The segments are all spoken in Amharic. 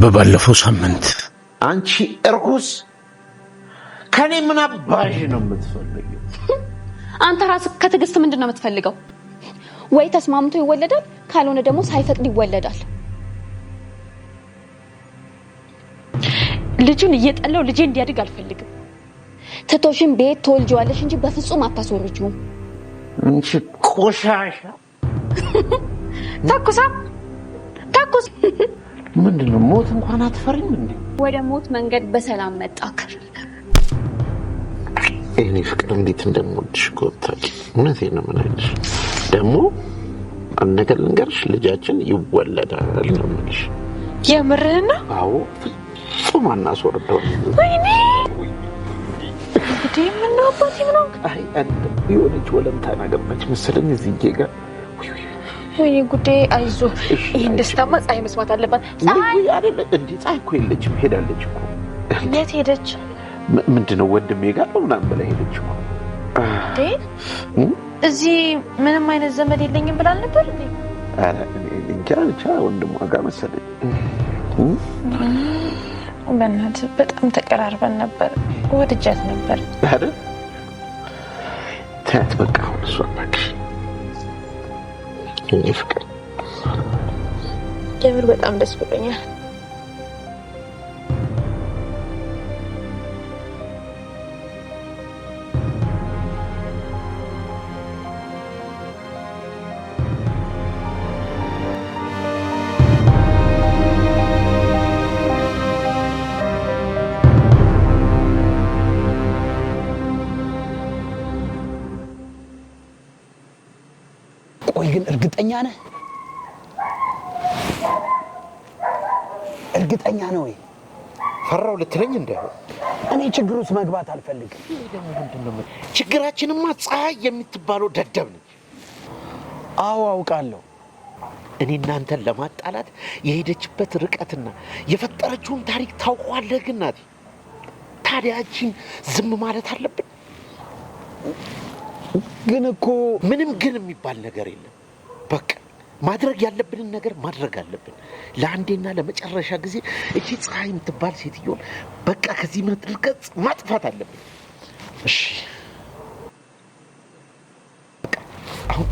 በባለፈው ሳምንት አንቺ እርኩስ ከኔ ምን አባሽ ነው የምትፈልገው? አንተ ራስ ከትዕግስት ምንድን ነው የምትፈልገው? ወይ ተስማምቶ ይወለዳል፣ ካልሆነ ደግሞ ሳይፈቅድ ይወለዳል። ልጁን እየጠላው ልጄ እንዲያድግ አልፈልግም። ትቶሽን ቤት ተወልጀዋለሽ እንጂ በፍጹም አታስወርጂውም። አንቺ ቆሻሻ ተኩሳ ተኩስ ምንድን ነው ሞት እንኳን አትፈሪም እንዴ? ወደ ሞት መንገድ በሰላም መጣክ። እኔ ፍቅር እንዴት እንደምወድሽ እኮ ብታውቂ፣ እውነቴን ነው የምልሽ። ደግሞ አንድ ነገር ልንገርሽ፣ ልጃችን ይወለዳል ነው የምልሽ። የምርህን ነው? አዎ፣ ፍጹም አናስወርደው። ወይኔ እንግዲህ የምናባት ምነው የሆነች ወለምታ ናገባች መሰለኝ እዚህ ጋር ወይ ጉዴ! አይዞ ይህን ደስታማ ፀሐይ መስማት አለባት። ፀሐይ እንደ ፀሐይ እኮ የለችም፣ ሄዳለች እኮ። የት ሄደች? ምንድነው ነው ወንድሜ ጋር ነው ምናምን ብላ ሄደች እኮ። እዚህ ምንም አይነት ዘመድ የለኝም ብላ አልነበር? እንጃ ብቻ ወንድሟ ጋር መሰለኝ። በእናትህ በጣም ተቀራርበን ነበር፣ ወድጃት ነበር። ታያት በቃ አሁን እሷ የኔ ፍቅር የምር በጣም ደስ ብሎኛል። ፈራው ልትለኝ እንዳይሆን። እኔ ችግር ውስጥ መግባት አልፈልግም። ችግራችንማ ፀሐይ የምትባለው ደደብ ነች። አዎ አውቃለሁ። እኔ እናንተን ለማጣላት የሄደችበት ርቀትና የፈጠረችውን ታሪክ ታውቋለህ። ግን ናት ታዲያችን ዝም ማለት አለብን? ግን እኮ ምንም ግን የሚባል ነገር የለም። በቃ ማድረግ ያለብንን ነገር ማድረግ አለብን። ለአንዴና ለመጨረሻ ጊዜ እቺ ፀሐይ የምትባል ሴትዮን በቃ ከዚህ ምድረ ገጽ ማጥፋት አለብን። እሺ አሁን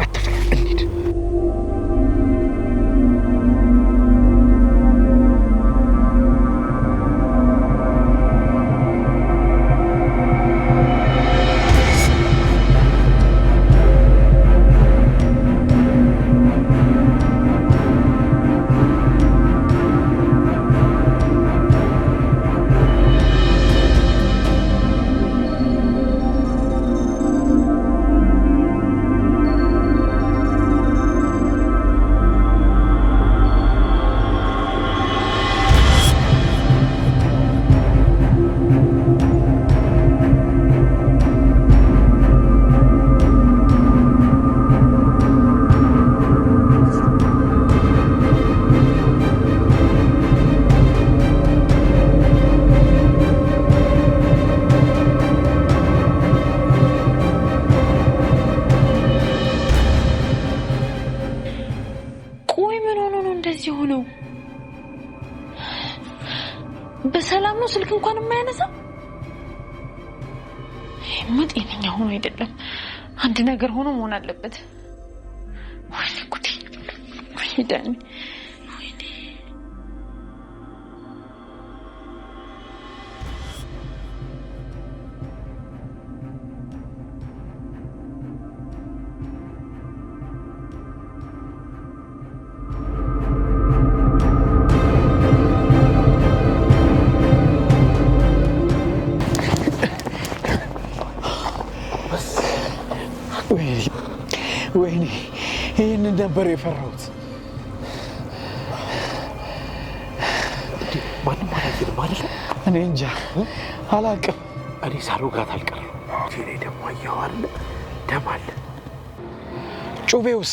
ነገር ሆኖ መሆን አለበት። ወይኔ ይህንን ነበር የፈራሁት። ማንም አላየንም አይደለ? እኔ እንጃ አላውቅም። እኔ ሳልወጋት አልቀረም። እኔ ደግሞ አየዋለ ደም አለ። ጩቤውስ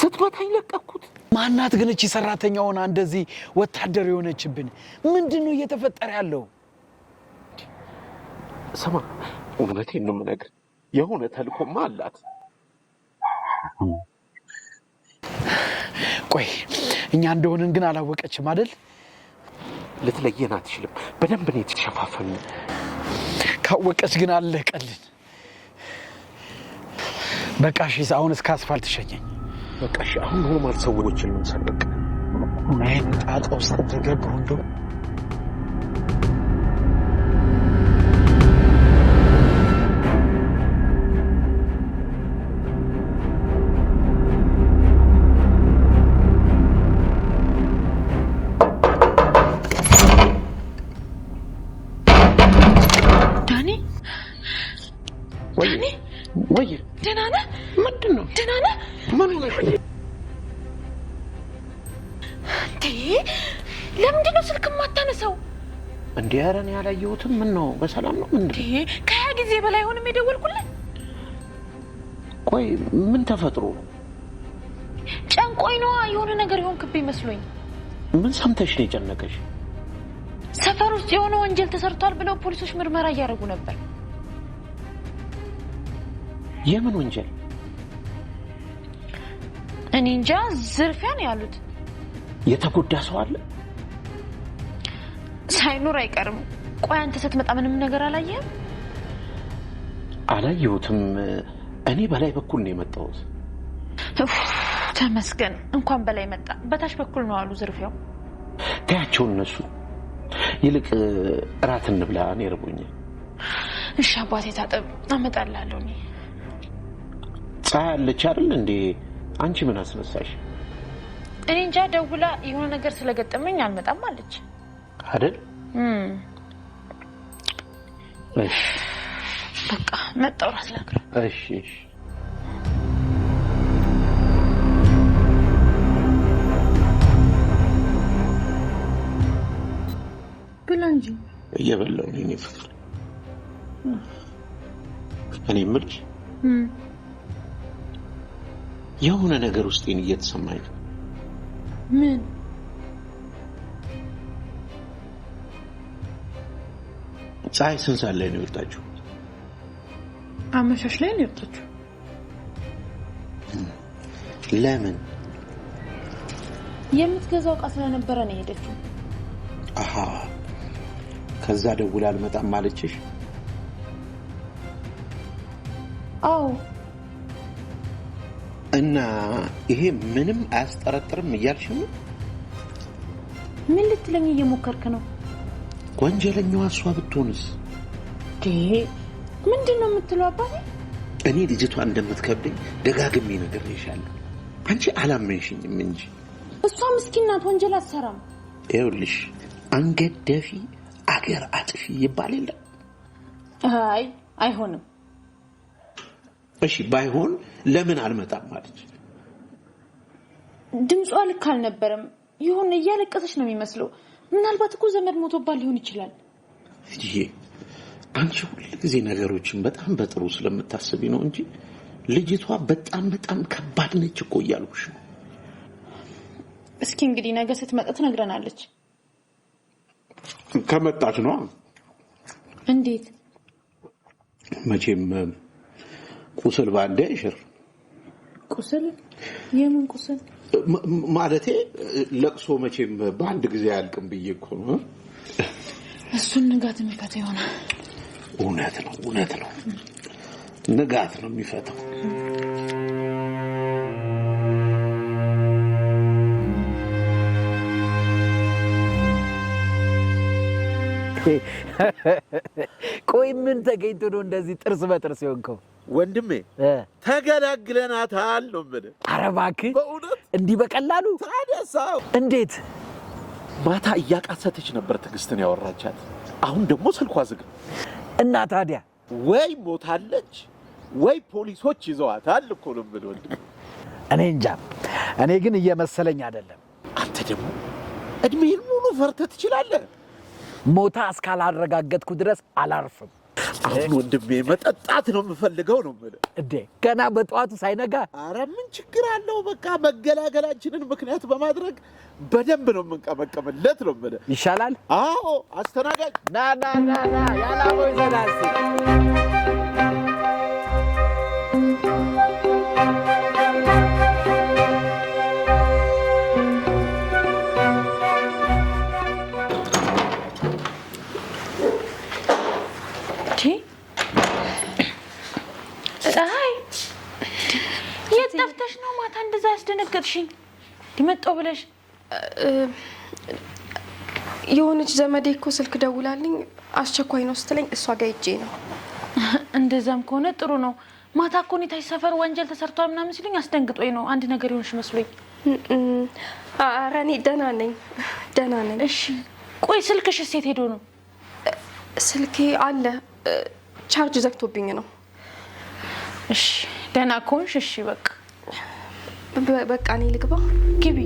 ስትመታኝ ለቀኩት። ማናት ግን እቺ ሰራተኛ ሆና እንደዚህ ወታደር የሆነችብን? ምንድን ነው እየተፈጠረ ያለው? ስማ፣ እውነቴን ነው የምነግርህ የሆነ ተልኮማ አላት። ቆይ እኛ እንደሆንን ግን አላወቀችም አደል? ልትለየን አትችልም። በደንብ ነው የተሸፋፈን። ካወቀች ግን አለቀልን። በቃ እሺ፣ አሁን እስከ አስፋልት ሸኘኝ። በቃ እሺ፣ አሁን ኖርማል ሰዎችን ምንሰበቅ ይህን ጣጣ ውስጥ ተገብሮ እንደው አላየሁትም። ምን ነው በሰላም ነው? ምን ነው ከሀያ ጊዜ በላይ ሆንም የደወልኩልን። ቆይ ምን ተፈጥሮ ነው? ጨንቆኝ ነዋ። የሆነ ነገር ክብ መስሎኝ። ምን ሰምተሽ ነው የጨነቀሽ? ሰፈር ውስጥ የሆነ ወንጀል ተሰርቷል ብለው ፖሊሶች ምርመራ እያደረጉ ነበር። የምን ወንጀል? እኔ እንጃ፣ ዝርፊያ ነው ያሉት። የተጎዳ ሰው አለ ሳይኖር አይቀርም። ቆይ አንተ ስትመጣ ምንም ነገር አላየህም? አላየሁትም። እኔ በላይ በኩል ነው የመጣሁት። ተመስገን እንኳን በላይ መጣ። በታች በኩል ነው አሉ ዝርፊያው። ተያቸው እነሱ። ይልቅ እራት እንብላ፣ እኔ እርቦኛል። እሺ አባቴ ታጠብ፣ አመጣልሃለሁ። እኔ ፀሐይ አለች አይደል እንዴ? አንቺ ምን አስነሳሽ? እኔ እንጃ። ደውላ የሆነ ነገር ስለገጠመኝ አልመጣም አለች አይደል በቃ መጣሁ። እሺ እሺ ብላ እንጂ እየበላሁ ነው የእኔ ፍቅር። እኔ የምልሽ የሆነ ነገር ውስጤን እየተሰማኝ ነው። ምን ፀሐይ ስንት ሰዓት ላይ ነው የወጣችሁ? አመሻሽ ላይ ነው የወጣችሁ። ለምን? የምትገዛው እቃ ስለነበረ ነው የሄደችው። አሀ ከዛ ደውላ አልመጣም ማለችሽ? አዎ። እና ይሄ ምንም አያስጠረጥርም እያልሽ ነው? ምን ልትለኝ እየሞከርክ ነው? ወንጀለኛዋ እሷ ብትሆንስ? ምንድን ነው የምትለው አባቴ? እኔ ልጅቷ እንደምትከብደኝ ደጋግሜ ይሻለ አንቺ አላመንሽኝም እንጂ እሷ ምስኪናት ወንጀል አትሰራም። ይኸውልሽ አንገት ደፊ አገር አጥፊ ይባል የለም? አይ አይሆንም። እሺ ባይሆን ለምን አልመጣም ማለች። ድምጿ ልክ አልነበረም። ይሁን እያለቀሰች ነው የሚመስለው። ምናልባት እኮ ዘመድ ሞቶባት ሊሆን ይችላል። እትዬ አንቺ ሁልጊዜ ነገሮችን በጣም በጥሩ ስለምታስቢ ነው እንጂ ልጅቷ በጣም በጣም ከባድ ነች እኮ እያልኩሽ ነው። እስኪ እንግዲህ ነገ ስትመጣ ትነግረናለች። ከመጣች ነው። እንዴት? መቼም ቁስል በአንዴ አይሽር። ቁስል? የምን ቁስል? ማለቴ ለቅሶ መቼም በአንድ ጊዜ አያልቅም ብዬ እኮ ነው። እሱን ንጋት የሚፈታ ይሆናል። እውነት ነው፣ እውነት ነው። ንጋት ነው የሚፈታው። ቆይ ምን ተገኝቶ ነው እንደዚህ ጥርስ በጥርስ የሆንከው? ወንድሜ ተገላግለናታል ነው የምልህ። ኧረ እባክህ እንዲህ በቀላሉ ታዲያ? እንዴት ማታ እያቃሰተች ነበር ትዕግስትን ያወራቻት። አሁን ደግሞ ስልኳ ዝግ እና ታዲያ ወይ ሞታለች ወይ ፖሊሶች ይዘዋታል እኮ ነው የምልህ። እኔ እንጃ። እኔ ግን እየመሰለኝ አይደለም። አንተ ደግሞ እድሜህን ሙሉ ፈርተህ ትችላለህ። ሞታ እስካላረጋገጥኩ ድረስ አላርፍም። አሁን ወንድሜ መጠጣት ነው የምፈልገው ነው የምልህ። እንዴ ገና በጠዋቱ ሳይነጋ? አረ ምን ችግር አለው? በቃ መገላገላችንን ምክንያት በማድረግ በደንብ ነው የምንቀመቀምለት ነው የምልህ። ይሻላል። አዎ አስተናጋጅ ና ና ና ና አስደነገጥሽኝ። ሊመጣው ብለሽ የሆነች ዘመዴ እኮ ስልክ ደውላልኝ አስቸኳይ ነው ስትለኝ እሷ ጋር ሄጄ ነው። እንደዛም ከሆነ ጥሩ ነው። ማታ እኮ እኔ ሰፈር ወንጀል ተሰርቷል ምናምን ሲሉኝ አስደንግጦኝ ነው። አንድ ነገር የሆንሽ መስሎኝ። ኧረ እኔ ደህና ነኝ፣ ደህና ነኝ። እሺ ቆይ ስልክሽ ሴት ሄዶ ነው? ስልኬ አለ ቻርጅ ዘግቶብኝ ነው። እሺ ደህና ከሆንሽ እሺ በቃ በቃ እኔ ልግባ። ግቢ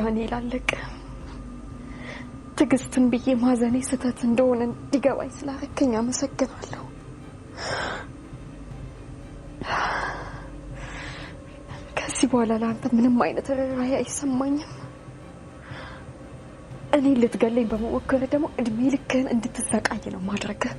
ዳንኤል አለቀ። ትዕግስትን ብዬ ማዘኔ ስህተት እንደሆነ እንዲገባኝ ስላረከኝ አመሰግናለሁ። ከዚህ በኋላ ለአንተ ምንም አይነት ርኅራኄ አይሰማኝም። እኔ ልትገለኝ በመሞከር ደግሞ እድሜ ልክህን እንድትሰቃይ ነው ማድረግህ።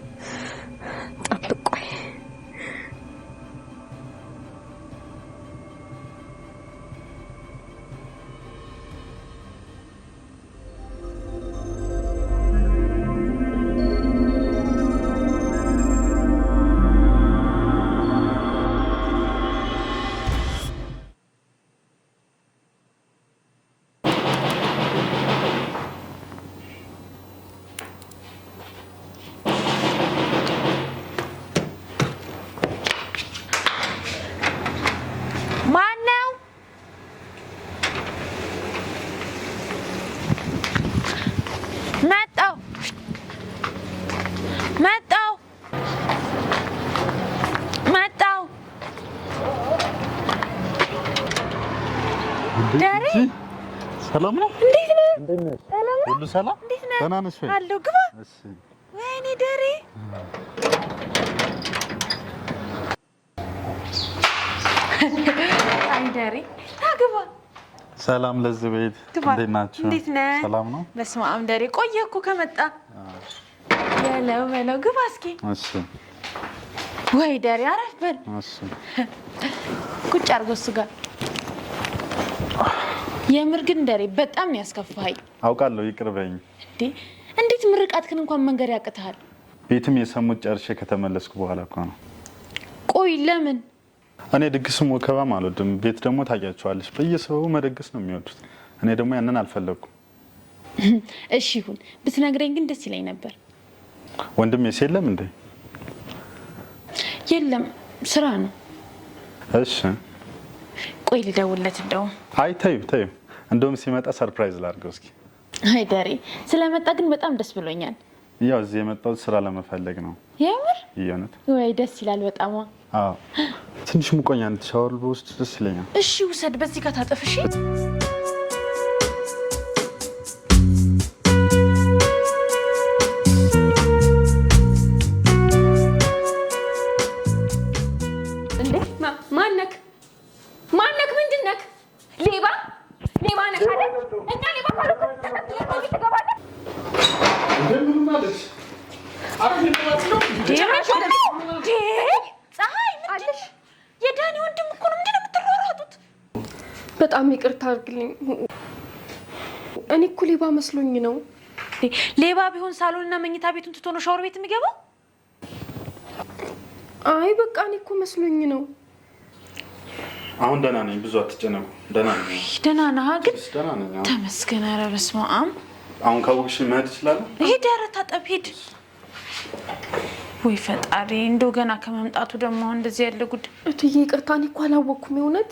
ሰላም ነው? እንዴት ነህ? እንዴት ነህ? ሰላም ነው? ሁሉ ሰላም? እንዴት ነህ? ደህና ነሽ አለሁ። ግባ። እሺ። ወይኔ ደሬ ሰላም ለዚህ ቤት እንዴት ናችሁ? እንዴት ነህ? ሰላም ነው? በስመ አብ ደሬ ቆየህ እኮ ከመጣ በለው በለው ግባ እስኪ። ወይ ደሬ አረፍ በል። ቁጭ አድርጎ እሱ ጋር የምር ግን ደሬ በጣም ነው አውቃለሁ፣ ይቅርበኝ። እንዴት ምርቃትክን እንኳን መንገድ ያቅትሃል? ቤትም የሰሙት ጨርሼ ከተመለስኩ በኋላ እኮ ነው። ቆይ ለምን? እኔ ድግስም ወከባም አልወድም። ቤት ደግሞ ታያቸዋለች በየሰበቡ መደግስ ነው የሚወዱት። እኔ ደግሞ ያንን አልፈለግኩም። እሺ ይሁን፣ ብትነግረኝ ግን ደስ ይለኝ ነበር። ወንድም የስ የለም እንዴ? የለም፣ ስራ ነው። እሺ ቆይ ልደውለት። እንደውም አይ ተይው፣ ተይው እንደውም ሲመጣ ሰርፕራይዝ ላድርገው እስኪ። አይደሬ ስለመጣ ግን በጣም ደስ ብሎኛል። ያው እዚህ የመጣሁት ስራ ለመፈለግ ነው። የምር እውነት? ወይ ደስ ይላል በጣም። ትንሽ ሙቆኛ ሻወር በውስጥ ደስ ይለኛል። እሺ ውሰድ፣ በዚህ ጋር ታጠፍሽ አድርግልኝ። እኔ እኮ ሌባ መስሎኝ ነው። ሌባ ቢሆን ሳሎንና መኝታ ቤቱን ትቶ ነው ሻወር ቤት የሚገባው? አይ በቃ እኔ እኮ መስሎኝ ነው። አሁን ደህና ነኝ፣ ብዙ አትጨነቁ። ደህና ነኝ። ደህና ነህ ግን? ተመስገን። ኧረ በስመ አብ። አሁን ካወቅሽ መሄድ እችላለሁ። ሂድ፣ ኧረ ታጠብ፣ ሂድ። ወይ ፈጣሪ፣ እንደው ገና ከመምጣቱ ደግሞ እንደዚህ ያለ ጉድ። እትዬ ይቅርታ፣ እኔ እኮ አላወኩም የእውነት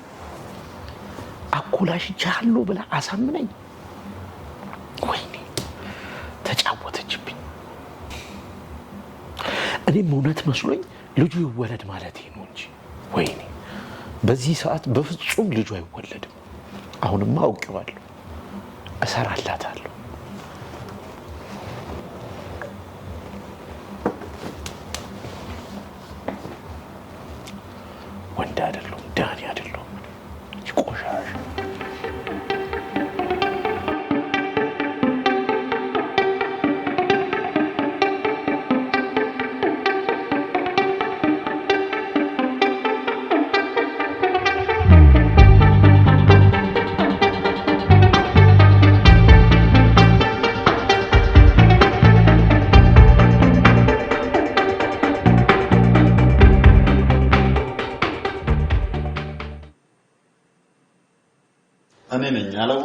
ቻለሁ ብላ አሳምነኝ። ወይኔ ተጫወተችብኝ። እኔም እውነት መስሎኝ ልጁ ይወለድ ማለት ነው እንጂ ወይኔ በዚህ ሰዓት በፍጹም ልጁ አይወለድም። አሁንማ አውቄዋለሁ፣ እሰራላታለሁ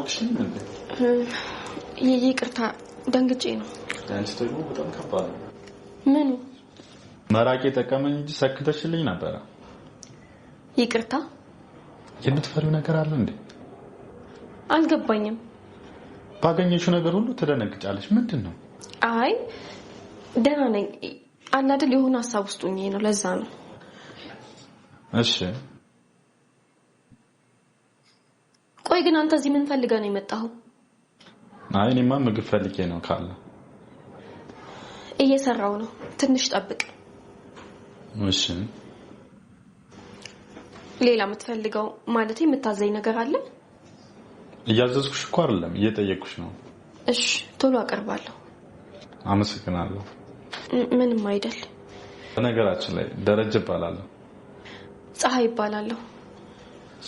አልተዋጥሽ ምን? ይቅርታ ደንግጬ ነው። ዳንስ ደግሞ በጣም ከባድ ነው። ምኑ መራቂ የጠቀመኝ እንጂ ሰክተሽልኝ ነበረ። ይቅርታ። የምትፈሪው ነገር አለ እንዴ? አልገባኝም። ባገኘሽው ነገር ሁሉ ትደነግጫለሽ። ምንድን ነው? አይ ደህና ነኝ። አናድል የሆነ ሀሳብ ውስጥ ነው። ለዛ ነው። እሺ ቆይ ግን አንተ እዚህ ምን ፈልገህ ነው የመጣኸው? አይ እኔማ ምግብ ፈልጌ ነው። ካለ እየሰራው ነው፣ ትንሽ ጠብቅ። እሺ። ሌላ የምትፈልገው ማለት የምታዘኝ ነገር አለ? እያዘዝኩሽ እኮ አይደለም እየጠየቅኩሽ ነው። እሺ፣ ቶሎ አቀርባለሁ። አመሰግናለሁ። ምንም አይደል። በነገራችን ላይ ደረጀ እባላለሁ። ፀሐይ እባላለሁ።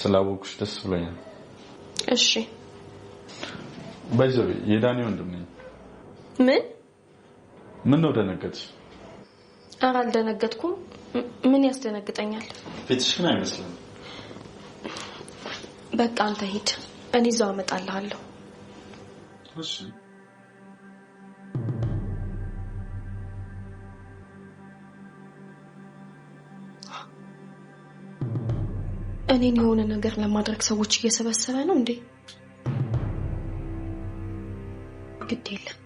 ስላወቅኩሽ ደስ ብሎኛል። እሺ በዚህ የዳኒ ወንድም ነኝ። ምን ምን ነው ደነገጥሽ? ኧረ አልደነገጥኩም። ምን ያስደነግጠኛል? ፊትሽ ግን አይመስልም። በቃ አንተ ሂድ፣ እኔ እዛው አመጣልሃለሁ። እሺ እኔን የሆነ ነገር ለማድረግ ሰዎች እየሰበሰበ ነው እንዴ? ግድ የለም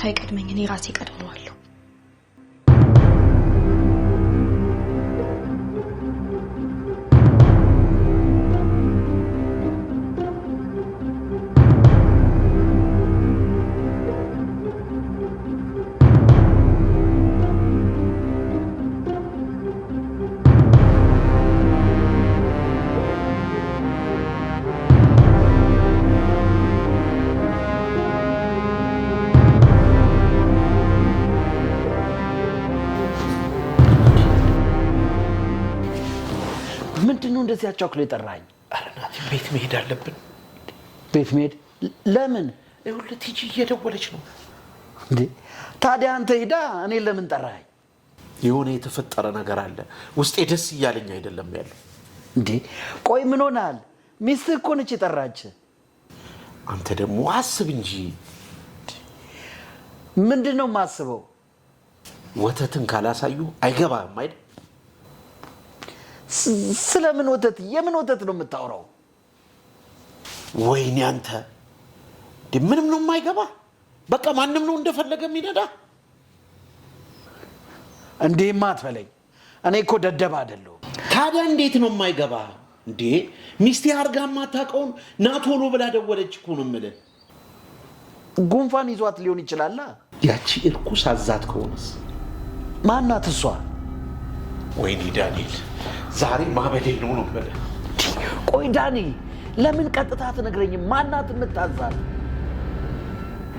ሳይቀድመኝ እኔ ራሴ ቀድመዋለሁ። እንደዚህ አቻኩሎ የጠራኝ? ኧረ እናቴ ቤት መሄድ አለብን። ቤት መሄድ ለምን? ይኸውልህ ቲጂ እየደወለች ነው። እንዴ ታዲያ አንተ ሄዳ እኔ ለምን ጠራኝ? የሆነ የተፈጠረ ነገር አለ። ውስጤ ደስ እያለኝ አይደለም ያለው። እንዴ ቆይ ምን ሆናል? ሚስትህ እኮ ነች የጠራች። አንተ ደግሞ አስብ እንጂ። ምንድን ነው የማስበው? ወተትን ካላሳዩ አይገባህም አይደል? ስለምን ወተት የምን ወተት ነው የምታወራው? ወይኔ አንተ ምንም ነው የማይገባ። በቃ ማንም ነው እንደፈለገ የሚነዳ። እንዲህማ አትበለኝ፣ እኔ እኮ ደደብ አይደለሁም። ታዲያ እንዴት ነው የማይገባ? እንዴ ሚስቴ አርጋ የማታውቀውን ናቶሎ ብላ ደወለች እኮ ነው የምልህ። ጉንፋን ይዟት ሊሆን ይችላላ። ያቺ እርኩስ አዛት ከሆነስ ማናት እሷ? ወይኔ ዳንኤል ዛሬ ማበዴ ነው ነው የምልህ። ቆይ ዳኒ፣ ለምን ቀጥታ ትነግረኝም? ማናት የምታዛል?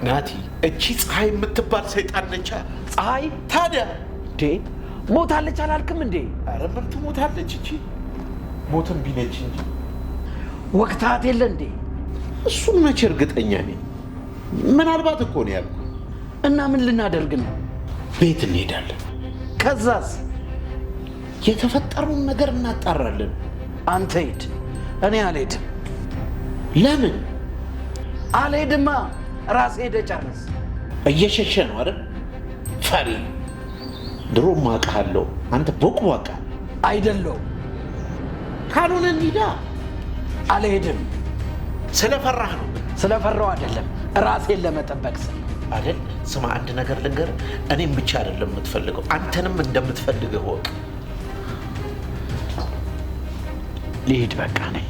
ናቲ እቺ ፀሐይ የምትባል ሰይጣን ነቻ። ፀሐይ ታዲያ እንዴ ሞታለች አላልክም እንዴ? አረ ምን ትሞታለች? እቺ ሞትም ቢነች እንጂ ወቅታት የለ እንዴ? እሱን መቼ እርግጠኛ ነኝ። ምናልባት እኮ ነው ያልኩ። እና ምን ልናደርግ ነው? ቤት እንሄዳለን። ከዛስ የተፈጠረውን ነገር እናጣራለን። አንተ ሂድ፣ እኔ አልሄድም። ለምን አልሄድማ? ራሴ ሄደ ጨርስ። እየሸሸ ነው አይደል? ፈሪ። ድሮም አውቃለሁ። አንተ ቦቅ ዋቃ አይደለሁም። ካልሆነ እንሂዳ። አልሄድም። ስለፈራህ ነው። ስለፈራው አይደለም፣ ራሴን ለመጠበቅ ስል አይደል። ስማ፣ አንድ ነገር ልንገርህ። እኔም ብቻ አይደለም የምትፈልገው፣ አንተንም እንደምትፈልገው ወቅ ልሂድ በቃ ነኝ።